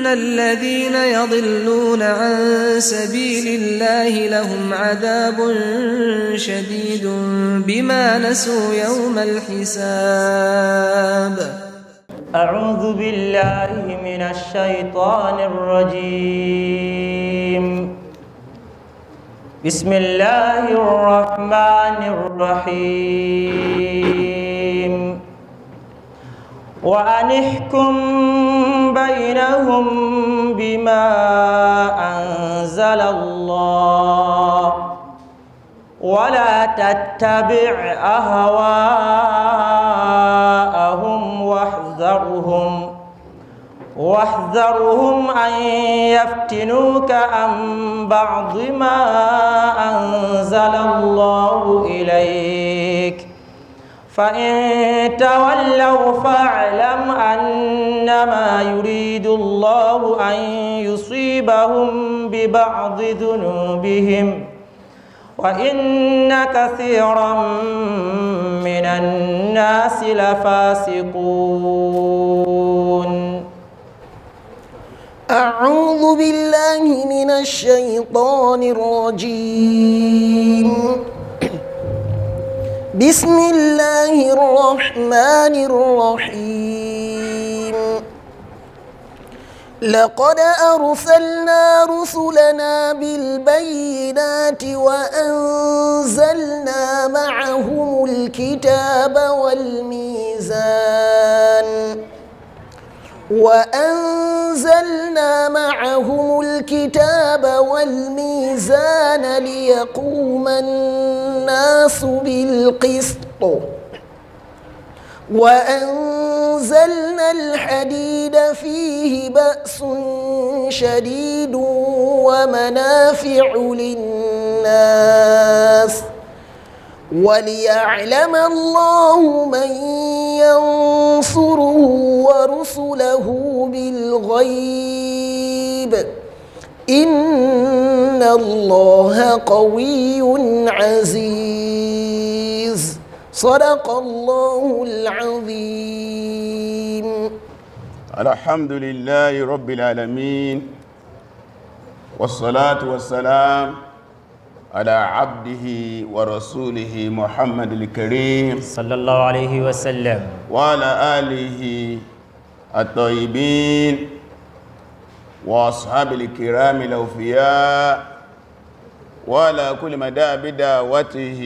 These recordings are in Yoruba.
ان الذين يضلون عن سبيل الله لهم عذاب شديد بما نسوا يوم الحساب اعوذ بالله من الشيطان الرجيم بسم الله الرحمن الرحيم وأن احكم بينهم بما أنزل الله ولا تتبع أهواءهم واحذرهم واحذرهم أن يفتنوك عن بعض ما أنزل الله إليك فإن تولوا فاعلم أنما يريد الله أن يصيبهم ببعض ذنوبهم وإن كثيرا من الناس لفاسقون أعوذ بالله من الشيطان الرجيم بسم الله الرحمن الرحيم لقد أرسلنا رسلنا بالبينات وأنزلنا معهم الكتاب والميزان وأنزلنا معهم الكتاب والميزان ليقوم الناس الناس بالقسط وأنزلنا الحديد فيه بأس شديد ومنافع للناس وليعلم الله من ينصره ورسله بالغيب ان الله قوي عزيز صدق الله العظيم الحمد لله رب العالمين والصلاه والسلام على عبده ورسوله محمد الكريم صلى الله عليه وسلم وعلى اله الطيبين وأصحاب الكرام الأوفياء وعلى كل مدى بدعوته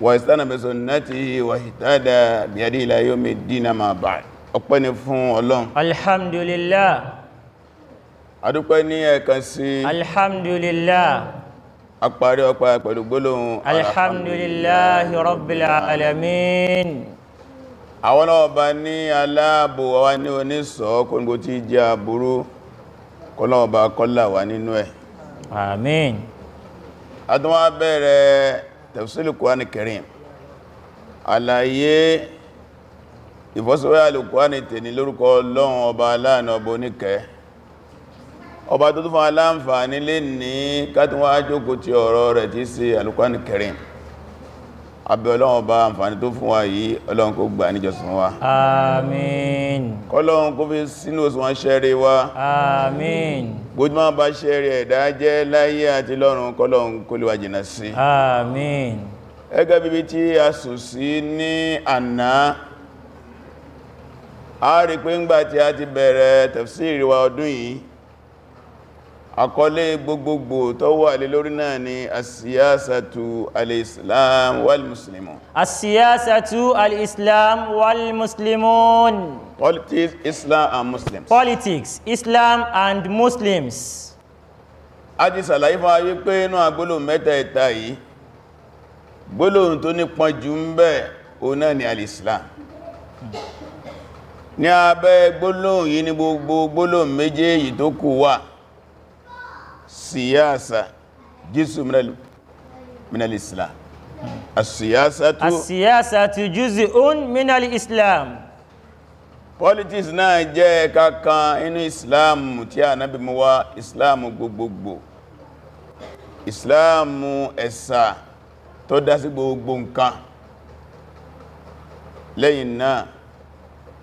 واستنى بسنته واهتدى بهديه إلى يوم الدين ما بعد ọpẹ́ ni fún Ọlọ́run alhamdulillah adúpẹ́ ní ẹ̀kan sí alhamdulillah apàrí ọpá pẹ̀lú gbólóhùn alhamdulillah rabbil alamin àwọn ọba ní aláàbò wa ní oníṣọ́ kóngbò tí jẹ́ àbúrú kọlọ́ọba kọlá wà nínú ẹ̀ àmín adúnwà bẹ̀rẹ̀ tafsílù Kùránì Karim àlàyé ìfọ́síwẹ́ alùkùránì tèní lórúkọ Ọlọ́run ọba aláàna ọba oníkẹ́ ọba tó tún fún aláǹfà nílé ní kátùnwà ti ọ̀rọ̀ rẹ̀ tí sí alùkùránì Karim abẹ́ ọlọ́run bá àǹfàní tó fún wa yìí ọlọ́run kó gbà níjọsìn wa àmín kọlọ́run kó fi sínú òṣùwọ̀n ṣẹ́rẹ̀ wa àmín gbójúmọ́ bá ṣẹ́rẹ̀ ẹ̀dá jẹ́ láyé àti lọ́run kọlọ́run kó lè wà jìnà sí àmín ẹgẹ́ bíbi tí a sùn sí ní àná a rí pé ń tí a ti bẹ̀rẹ̀ tafsiri wa ọdún yìí àkọlé gbogbogbò tó wà lé lórí náà ni asíyásàtú al'islam wal muslimun asíyásàtú al'islam wal muslimun politics islam and muslims politics islam and muslims a ti sàlàyé fún ayé pé inú agbólò mẹ́ta ẹ̀ta yìí gbólóhùn tó nípọn jù ń bẹ òun náà ni al'islam ní abẹ́ gbólóhùn yìí ni gbogbo gbólóhùn méjèèjì tó kù wà siyasa jisu minal islam asiyasatu asiyasatu juz'un minal islam politics náà jẹ́ kankan inú islam tí a nábi mú wá islam gbogbogbò islam ẹ̀sà tó dá sí gbogbo nǹkan lẹ́yìn náà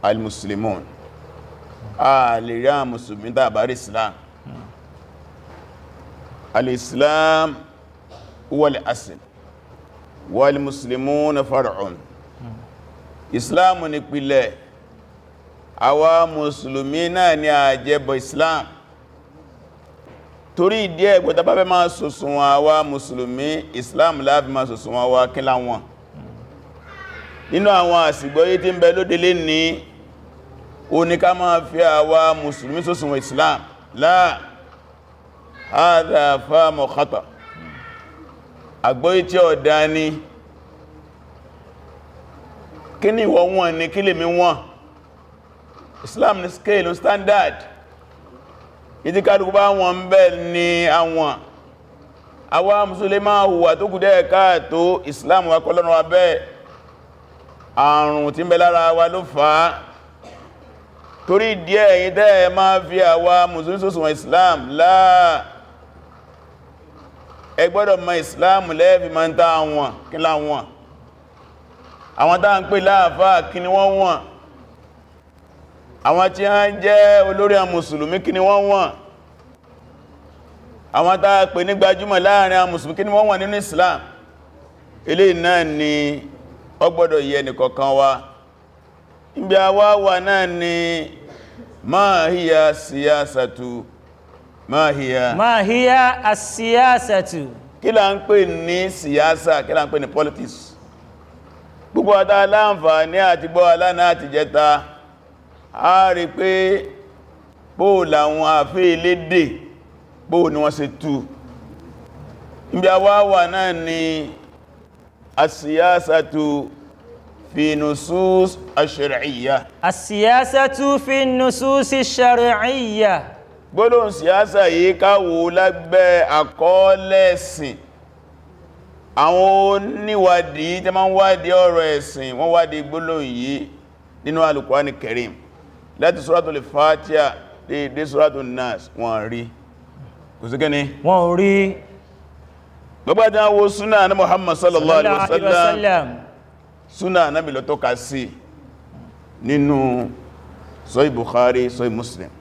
al-muslimun a lè rí àwọn musulmi islam الإسلام هو الأصل والمسلمون asl إسلام muslimuna far'un islam ni pìlẹ̀ àwa mùsùlùmí náà ni àjẹbọ islam torí ìdí ẹgbẹ̀ta bá fẹ́ máa sòsùn àwa mùsùlùmí islam láàbí máa sòsùn àwa kílá wọn nínú àwọn àsìgbọ́yé tí ń bẹ lódélé ní oníká máa fi àwa mùsùlùmí sòsùn islam láàbí hádà fáàmù khatà àgbóyí tí ó dá ní kí ni ìwọ̀ wọn ní kí lè mi wọn Islam ní scale standard ìdí kàdùkú bá wọn bẹ́ ní àwọn àwa musulmá hùwà tó kù dẹ́ káàtó Islam wa kọlọ́nà wa bẹ́ẹ̀ àrùn tí ń bẹ lára wa ló fàá torí díẹ̀ èyí tẹ́ máa fi àwa musulmi Islam láàá ẹ gbọ́dọ̀ mọ ìsìláàmù lẹ́ẹ̀fì máa ń tá àwọn kí láwọn àwọn tá ń pè láàfáà kí ni wọ́n wọ́n àwọn tí a ń jẹ́ olórí àwọn mùsùlùmí kí ni wọ́n wọ́n àwọn tá a pè ní gbajúmọ̀ láàrin àwọn mùsùlùmí kí ni wọ́n wọ́n nínú Islam ilé náà ni ó gbọ́dọ̀ yẹ nìkọ̀kan wa níbi àwa wà náà ni máa híyà síyásàtù ma hiya ma hiya as-siyasatu kí la ń pè ní siyasa kí la ń pè ní politics gbogbo àtà aláǹfààní àti gbọ́ aláàna àti jẹta a rí pé bó làwọn àfẹ́ ilédè bó ni wọ́n ṣe tú ibi àwáwà náà ni as-siyasatu fi nusus ash gbólóhùn síyásà yìí káwò lábẹ́ àkọọ́lẹ̀ ẹ̀sìn àwọn oníwádìí tẹ́ máa ń wádìí ọ̀rọ̀ ẹ̀sìn wọ́n wádìí gbólóhùn yìí nínú Al-Qur'ani Karim láti Suratul Fatiha dé Suratul Nas wọ́n rí kò sí kẹ́ni wọ́n rí gbogbo àti àwọn súnà Muhammad sallallahu alaihi wasallam súnà Ànábì ló tọ́ka sí nínú Sahih Bukhari Sahih Muslim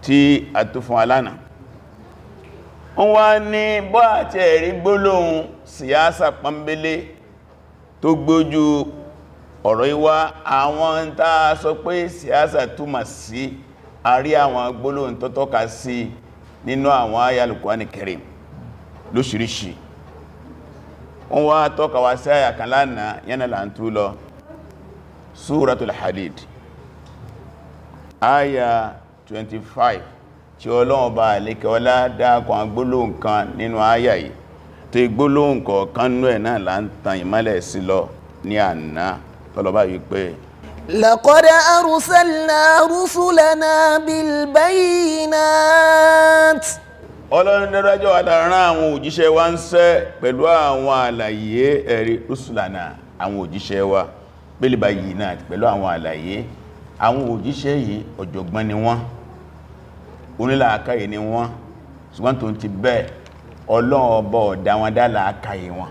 tí a tó fún alánà wọ́n wá ní bọ́ àti ẹ̀rí gbólóhùn síyásà pọ́nbélé tó gbójú ọ̀rọ̀ ìwá àwọn tá a sọ pé síyásà túmọ̀ sí a rí àwọn gbólóhùn tó tọ́ka sí nínú àwọn ayálùkọ́ ní aya 25 tí ọlọ́run bá lékẹ́ ọlá dákọ̀ agbólóhùn kan nínú àyà yìí tó igbólóhùn kọ̀ọ̀kan nú ẹ̀ náà là ń sí lọ ní àná tọ́lọ́bá yìí pé لقد أرسلنا رسلنا بالبينات ọlọ́run dájọ́ àdàrán àwọn òjíṣẹ́ wa ń sẹ́ pẹ̀lú àwọn àlàyé ẹ̀rí rúsùlànà àwọn òjíṣẹ́ wa pẹ̀lú pẹ̀lú àwọn àlàyé àwọn òjíṣẹ́ yìí ọ̀jọ̀gbọ́n ni wọ́n onílàákàyè ni wọ́n ṣùgbọ́n tó ń ti bẹ́ẹ̀ ọlọ́run ọba làákàyè wọn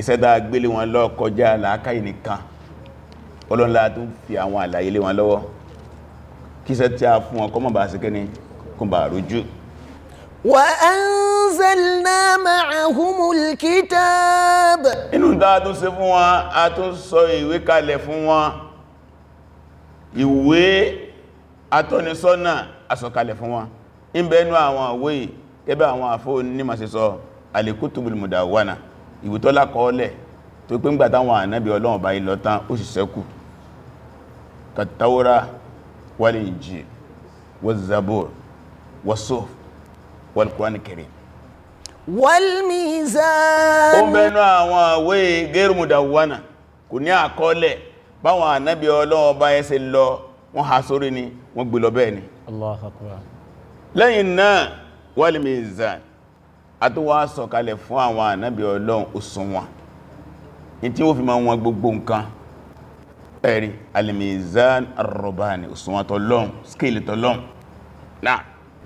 ìṣẹ́dá gbélé wọn lọ kọjá làákàyè nìkan ọlọ́run láà tún fi àwọn àlàyé lé wọn lọ́wọ́ kí tí a fún wọn kọ́mọ̀ bá síkẹ́ ní kúmbà rújú wa'anzalna atọ́nisọ́nà asọ̀kalẹ̀ fún wọn in bẹnu àwọn àwé gẹ́bẹ̀ àwọn àfó ní ma ṣe sọ alikutubul mudawana ìwé tó lákọọ́lẹ̀ tó pín gbà táwọn ànábì ọlọ́run bá ilọ̀ tán ó sì ṣẹ́kù kàtàwọ́rá wal injil wal zabur was suhuf mudawana kò ní àkọọ́lẹ̀ báwọn ànábì ọlọ́run bá ẹsẹ̀ lọ wọ́n ha sórí ni wọ́n gbé lọ bẹ́ẹ̀ ni Allahu Akbar lẹ́yìn náà wal mizan àtúwà sọ̀kalẹ̀ fún àwọn ànábì ọlọ́run òṣùwọ̀n ní tí ó fi máa wọn gbogbo nǹkan ẹ̀rí al-mizan ar-rabani òṣùwọ̀n tọ́lọ́run scale tọ́lọ́run náà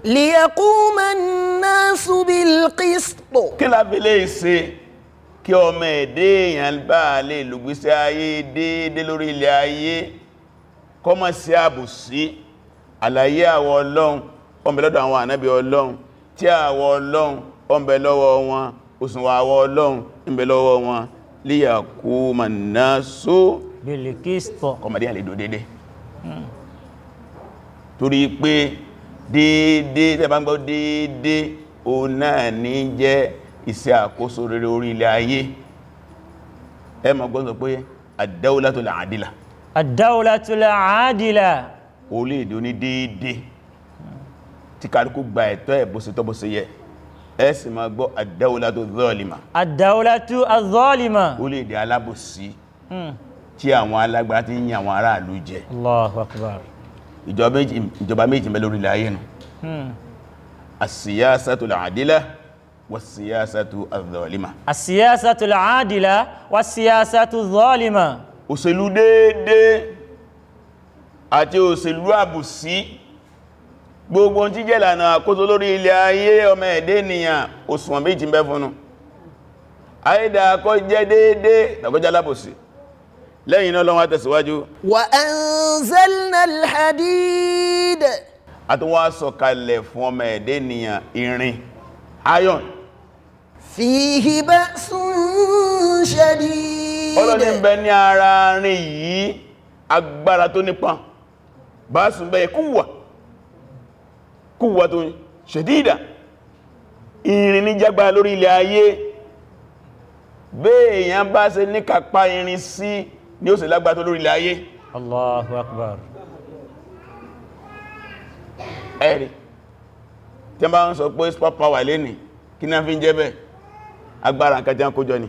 liyaquma kọmọ̀ sí àbùsí àlàyé àwọ ọlọ́run ọmọ lọ́dọ̀ àwọn ànábì ọlọ́run tí àwọ ọlọ́run ọmọ lọ́wọ́ wọn òsùnwà àwọ ọlọ́run ọmọ lọ́wọ́ wọn líyàkú mànásó bèlèkìstọ̀ kọmọdé àlèdò dédé torí pé dédé tẹbà ń gbọ́ ad-dawlatul adila orílẹ̀-èdè oní déédé tí kálukú gba ẹ̀tọ́ ẹ̀ bó ṣe tọ́ bó ṣe yẹ ẹ sì máa gbọ́ ad-dawlatu adh-dhalima ad-dawlatu adh-dhalima orílẹ̀-èdè alábòsí hmm. tí àwọn alágbára ti ń yí àwọn aráàlú jẹ ìjọba méjì mẹ́lẹ̀ orílẹ̀ nù as-siyasatul adila òṣèlú déédéé àti òṣèlú àbùsí gbogbo tí jẹ́ ìlànà lori lórí ilẹ̀ ayé ọmọ ẹ̀dẹ́ ènìyàn òṣùwọ̀n méjì ń bẹ fúnnú àìdà jẹ́ déédéé tàbíjá lábòsí lẹ́yìn náà lọ́wọ́ tẹ̀síwájú wa fún ọmọ irin iron ọlọ́ni ń bẹ ní ara rìn yìí agbára tó nípa bá sùn bẹ́yẹ kúwà kúwà tó ṣẹ̀dídà ìrìn ní jágbà lórí ilẹ̀ ayé béèyàn bá ṣe ní kàpá ìrìn sí ni ó sì lágbà tó lórí ilẹ̀ ayé Allahu Akbar ẹ̀rì tí a bá ń sọ pé superpower lẹ́ni kí náà agbára nǹkan jẹ́ ni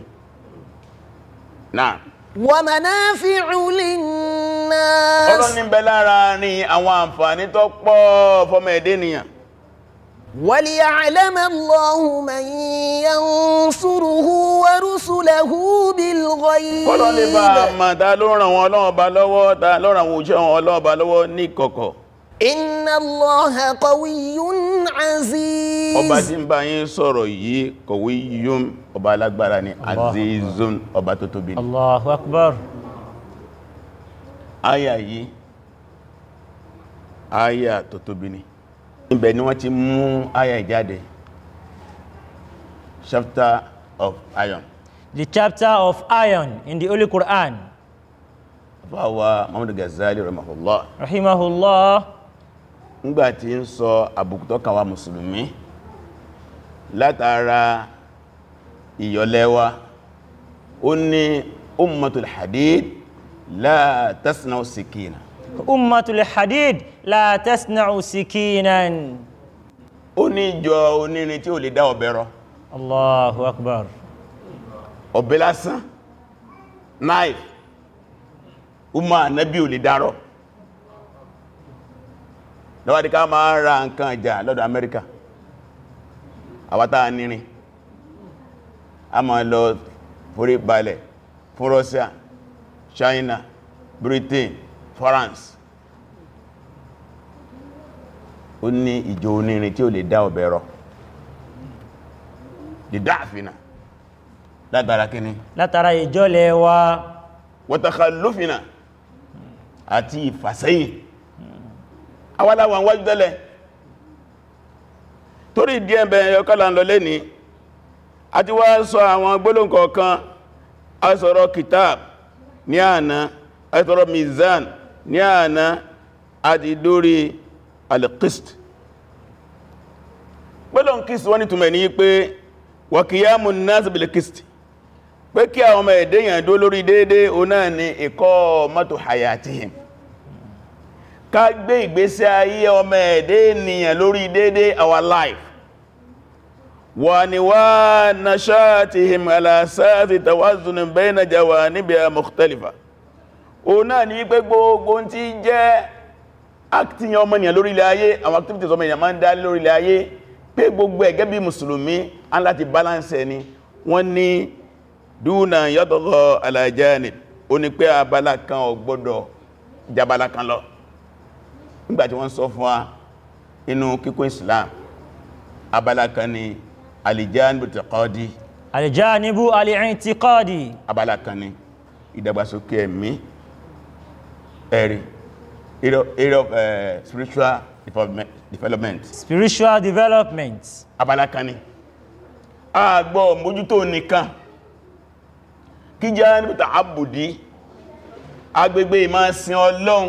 náà. wa manafi'u linnas. ọlọ́ni bẹ lára ni àwọn àǹfààní tó pọ̀ fọmọ ẹ̀dẹ́ nìyàn. وليعلم الله من ينصره ورسله بالغيب kọ́lọ́ lè bá inna allaha qawiyyun aziz ọba tí ń bá yín sọ̀rọ̀ yìí qawiyyun ọba alágbára ni azizun ọba tó tóbi ni allahu akbar aya yìí aya tó tóbi ni ibẹ̀ ni wọ́n ti mú aya ìjáde chapter of iron the chapter of iron in the Holy Quran fáwọn Muhammad Ghazali rahimahullah rahimahullah ńgbàtí ń sọ àbùkù tó kàn wá mùsùlùmí látara ìyọlẹ́wà ó ní ummatul hadid la tasna'u sikina ummatul hadid la tasna'u sikinan ó ní ìjọ onírin tí ó lè dá ọ̀bẹ Allahu akbar ọ̀bẹ lásán knife umma nabi ò lè dárọ̀ lọ́wọ́dí ká máa ra nǹkan ìjà lọ́dọ̀ Amẹ́ríkà àwátá nírin a máa lọ forí balẹ̀ fún Russia China Britain France ó ní ìjọ onírin tí ó lè dá ọ̀bẹ̀ dìdá àfinà látara kíní látara ìjọ́lẹ̀ wa wọ́tàkà lófinà àti ìfàsẹ́yìn awáláwà wájú tẹ́lẹ̀ torí díẹ̀ bẹ̀rẹ̀ ọkọ́lá ń lọ lé ní a ti wá sọ àwọn gbólóǹkọ̀ kan a sọ̀rọ̀ ní àná mizan ní àná a ti dórí alqist wọ́n ni túnmẹ̀ ní pé wa qiyamun pé kí àwọn ọmọ ẹ̀dẹ́yàn dó lórí o náà ni hayatihim ká gbé ìgbésí ayé ọmọ ẹ̀dẹ́ ènìyàn lórí dédé our life wà ní wá na ṣáàtì him alásáàtì tàwázùn bẹ́ẹ̀nà jẹwà níbi mukhtalifa o náà ní wípé gbogbo tí jẹ́ acting ọmọ ènìyàn lórí ilẹ̀ ayé àwọn activities ọmọ ènìyàn máa ń dá lórí ilẹ̀ ayé pé gbogbo ẹ̀gẹ́ bí mùsùlùmí án láti balance ẹni wọ́n ní dúnà yọ́tọ̀gọ́ alájáni o ní pé abala kan ò jabala kan lọ nígbàtí wọ́n sọ fún wa inú kíkún islam abala kan ni alijanibu tiqadi alijanibu alìrìntiqadi abala kan ni ìdàgbàsókè ẹ̀mí ẹ̀rí area of eh, spiritual development spiritual development abala kan ni àgbọ̀ mójútó nìkan kí jẹ́ níbi tààbùdí agbègbè ìmá sin ọlọ́run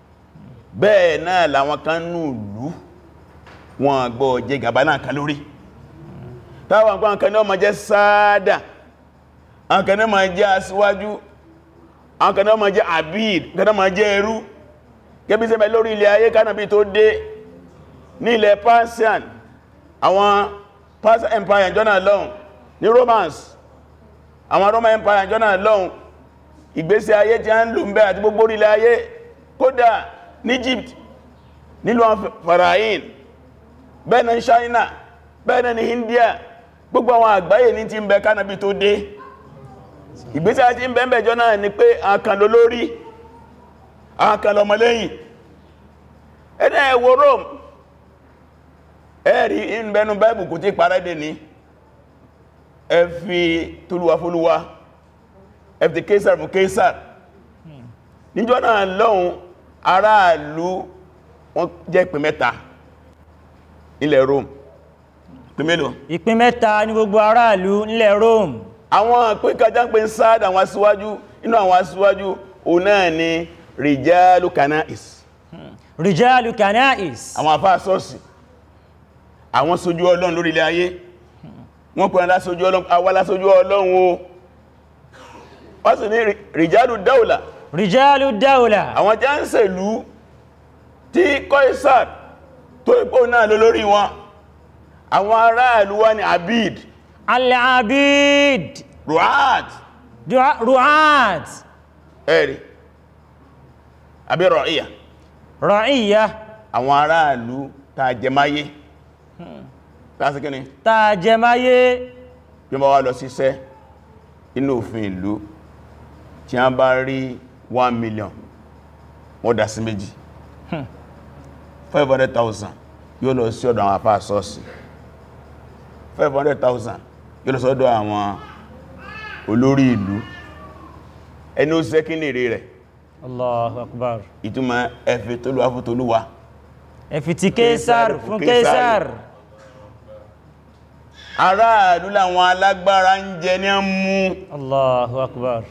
bẹ́ẹ̀ náà làwọn kan nù lú wọn gbọ́ jẹ gàbá náà kan lórí táwọn gbọ́n kan náà ma jẹ́ sáádà kan náà ma jẹ́ aṣíwájú kan náà ma jẹ́ abid kan náà ma jẹ́ ẹrú kẹbí sẹ́bẹ̀ lórí ilẹ̀ ayé kánàbí tó dé ní ilẹ̀ persian àwọn persian empire jọ́nà lọ́hun ní romance. àwọn roman empire jọ́nà lọ́hun ìgbésí ayé tí a ń lò ń bẹ́ àti gbogbo orílẹ̀ ayé kódà ní Egypt nílùú Farahin bẹ́ẹ̀nà China bẹ́ẹ̀nà ní India gbogbo àwọn àgbáyé ní ti ń bẹ kánàbí tó dé ìgbésẹ̀ àti ń bẹ̀ẹ̀bẹ̀ jọ náà ni pé àkànlò lórí àkànlò ọmọlẹ́yìn ẹ̀nà ẹ̀wò Rome ẹ̀rí ìbẹnu Bible kò tí parẹ́dẹ̀ ní ẹ fi tólúwa fólúwa fún Caesar hmm. níjọ́ náà lọ́hun aráàlú wọ́n jẹ́ ìpín mẹ́ta nílẹ̀ Rome ìpín mélòó ìpín mẹ́ta ní gbogbo aráàlú nílẹ̀ Rome àwọn ìpín kajá ń pè ń sáàdà àwọn aṣíwájú inú àwọn aṣíwájú o náà ni rijalu kanais hmm. rijalu kanais àwọn àfáà sọ́ọ̀sì àwọn ṣojú ọlọ́run lórí ilẹ̀ ayé hmm. wọ́n pẹ̀lú aláṣojú ọlọ́run o wọ́n sì ní rijalu dáùlà rìjálù dáúlà àwọn tí a ń ṣèlú tí Qaisar tó ipò náà ló lórí wọn àwọn ará ìlú wa ni abid al-abid ru'at ru'at ẹ̀rì àbí ra'iya ra'iya àwọn ará ìlú tàjẹmáyé hmm. tàṣíkíní tàjẹmáyé yóò bá wá lọ síṣẹ́ inú òfin ìlú tí a bá rí one million wọ́n dá sí méjì 500,000 hmm. yóò lọ sí ọ̀dọ̀ àwọn àfáà sọ́ọ̀sì 500,000 yóò lọ sọ́dọ̀ àwọn olórí ìlú ẹni ó sẹ́kí ní èrè rẹ̀ Allahu Akbar ìtumọ̀ ẹfẹ́ tólúwà fún tólúwà ẹfẹ́ ti kéèsàr fún kéèsàr aráàlú làwọn alágbára ń jẹ ní mú Akbar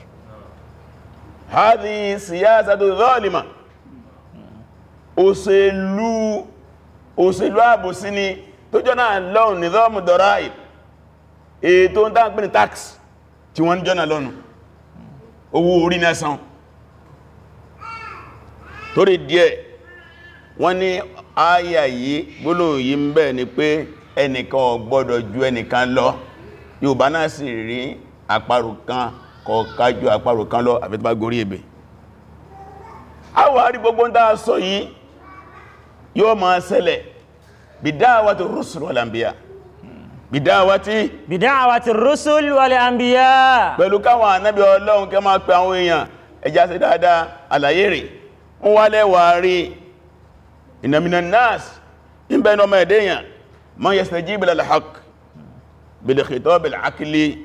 hadhi siyasatu zalima òṣèlú òṣèlú àbòsí ni tó jọ́nà lọ́nà nìzọ́mù dọ̀ráì ètò ń dágbìn tax tí wọ́n jọ́nà lọ́nà owó orí nẹ́sàn torí díẹ̀ wọ́n ni ayà yìí gbólò yìí ń bẹ ni pé ẹnìkan ò ju ẹnìkan lọ Yorùbá náà sì rí àparò kan kọ kájú àparò kan lọ àfi tó bá gorí ebè a wà rí gbogbo ń dáa sọ yìí yóò máa ṣẹlẹ̀ bidawati rusul wal anbiya bidawati bidawati rusul wal anbiya pẹ̀lú káwọn ànábì ọlọ́run kẹ bil khitab al aqli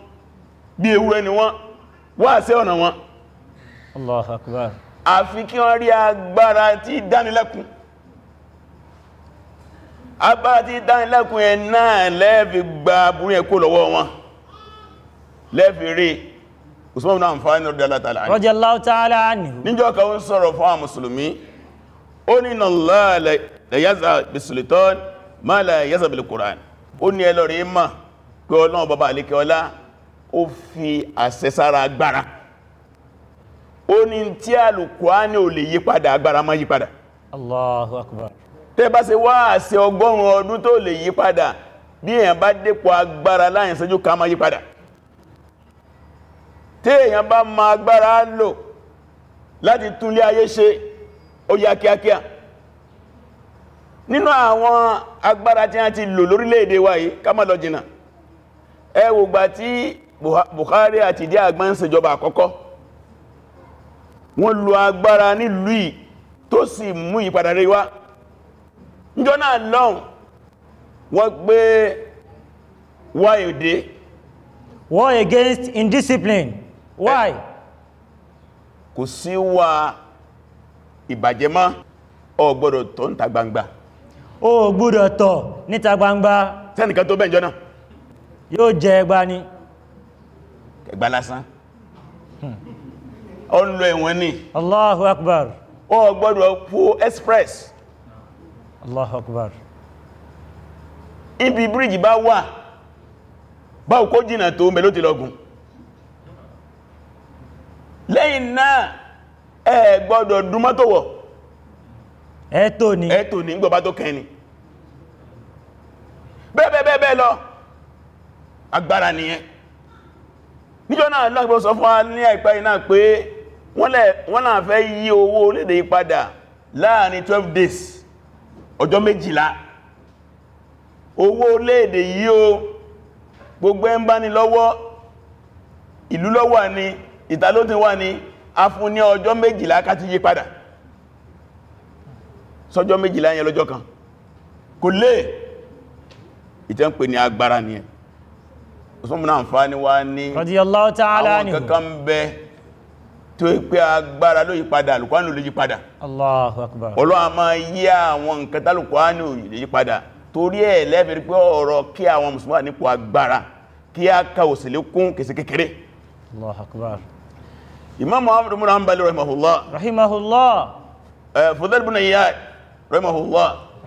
bí ewúrẹ́ ni wọ́n wá sí ọ̀nà wọn Allahu Akbar àfi kí wọ́n rí agbára tí dánilẹ́kùn agbára tí dánilẹ́kùn ẹ náà lẹ́ẹ̀fì gba burú ẹkó lọ́wọ́ wọn lẹ́ẹ̀fì rí Usman ibn Affan radiyallahu ta'ala anhu níjọ́ kan ó ń sọ̀rọ̀ fún àwọn mùsùlùmí ó ní inna Allaha la yaza bis-sultan ma la yaza bil-Qur'an ó ní ẹlọ́rìí mà pé ọlọ́run bàbá àlékẹ́ ọlá ó fi àṣẹsára agbára ó ní tí Al-Qur'ani ò lè yípadà agbára má yípadà Allahu Akbar tẹ́ bá ṣe wá àṣẹ ọgọ́rùn ọdún tó lè yípadà bí èyàn bá dépò agbára láyìn sẹ́jú ká má yípadà tí èyàn bá ma agbára lò láti túnlé ayé ṣe ó yá kíákíá nínú àwọn agbára tí a ti lò lórílẹ̀-èdè wa ká má lọ jìnà ẹ tí Buhari àti ìdí àgbà ń akọkọ. àkọ́kọ́ wọ́n lo agbára nílùú ì tó sì mú ìpadà rí wá níjọ́ náà lọ́hùn wọ́n gbé wá èdè war against indiscipline why kò sí wà ìbàjẹ́ mọ́ ò gbọ́dọ̀ tọ̀ o gbangba ò gbọ́dọ̀ tọ̀ níta gbangba tẹ́nìkan tó bẹ́ẹ̀ náà yóò jẹ ẹgbà ni ẹgbà lásán hmm. ó ń lọ ní Allahu Akbar ó gbọ́dọ̀ po express Allahu Akbar ibi bíríjì bá wà bá kó jìnà tó ń bẹ ló ti lọ́gùn lẹ́yìn náà ẹ gbọ́dọ̀ dúnmọ́ tó wọ̀ ẹ̀tò ní ẹ̀tò ní gbọ́bá tó kẹni bẹ́ẹ̀bẹ́ẹ̀bẹ́ẹ̀ lọ agbára nìyẹn níjọ́ náà lọ́gbọ́ sọ fún wa ní àìpẹ́ iná pé wọ́n náà fẹ́ yí owó orílẹ̀-èdè padà láàrin 12 days ọjọ́ méjìlá owó orílẹ̀ yí o gbogbo ẹ ń bá ní lọ́wọ́ ìlú lọ́wọ́ ni ìtàlótí wà ní a fún ní ọjọ́ méjìlá ká ti yí padà sọ́jọ́ méjìlá yẹn lọ́jọ́ kan kò lè ìtẹ́ ń pè ní agbára ni ẹ̀ Usman àǹfàní wá ní radiyallahu ta'ala anhu àwọn kankan bẹ tó pé agbára ló yípadà alùkwánù ló yípadà Allahu akbar Ọlọ́hun máa yí àwọn nǹkan tálùkwánù ló yípadà torí ẹ̀ lẹ́bẹ̀rí pé ọ̀rọ̀ kí àwọn musulman nípò agbára kí a ka òsìlé kún kèsì kékeré Allahu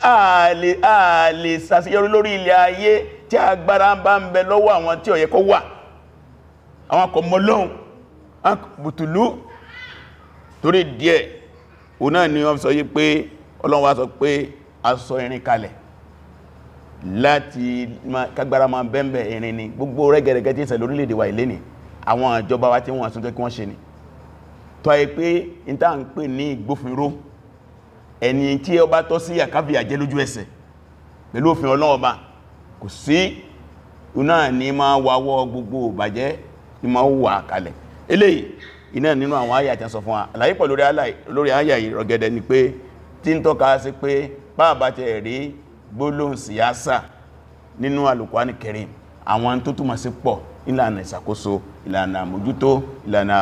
ààlè ààlè sàṣeyọrí lórí ilẹ̀ ayé tí agbára bá ń bẹ lọ́wọ́ àwọn tí ó yẹ kó wà àwọn kò mọ Ọlọ́hun bùtùlú torí díẹ̀ òun náà ni wọ́n sọ yí pé Ọlọ́hun wá sọ pé a sọ irin kalẹ̀ láti kagbára ma bẹ́m̀bẹ̀ irin ni gbogbo rẹ́gẹ̀rẹ́gẹ́ tí ìṣẹ̀lẹ̀ orílẹ̀-èdè wa ilé ni àwọn ìjọba wa tí wọ́n sọ kí wọ́n ṣe ni tọ́ ẹ pé ìta ń pè ní ìgbófinró ẹni tí ọba bá tọ́ sí àkábí àjẹ́ lójú ẹsẹ̀ pẹ̀lú òfin ọlọ́ọ̀bá kò sí náà ní ma wáwọ́ gbogbo bàjẹ́ ní ma wà kalẹ̀ eléyìí iná nínú àwọn àyà fún wa lórí àyà yìí ni pé tí ń tọ́ka sí pé bàbá tẹ̀ rí gbólóhùn nínú àwọn tó si ìlànà ìlànà àmójútó ìlànà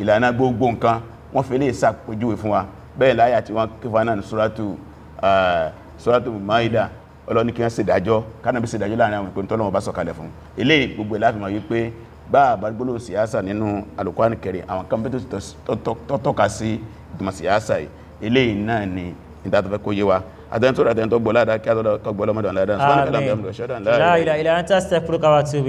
ìlànà gbogbo bẹ́ẹ̀ láyà tí wọ́n kífà náà suratu maida ọlọ́ni kí wọ́n ṣe dájọ́ kánàbí ṣe dájọ́ láàrin àwọn ìpín tọ́lọ́wọ́ bá sọ̀kalẹ̀ fún ilé gbogbo láfi ma wípé bá àbágbólò síyásà nínú Al-Qur'an Karim ni ìdátọ́fẹ́ kó wa àtẹ́ntọ́ àtẹ́ntọ́ gbọ́lá dáa kí àtọ́tọ́ gbọ́lá mọ́dàn láàdán sọ́nà anta astaghfiruka wa atubu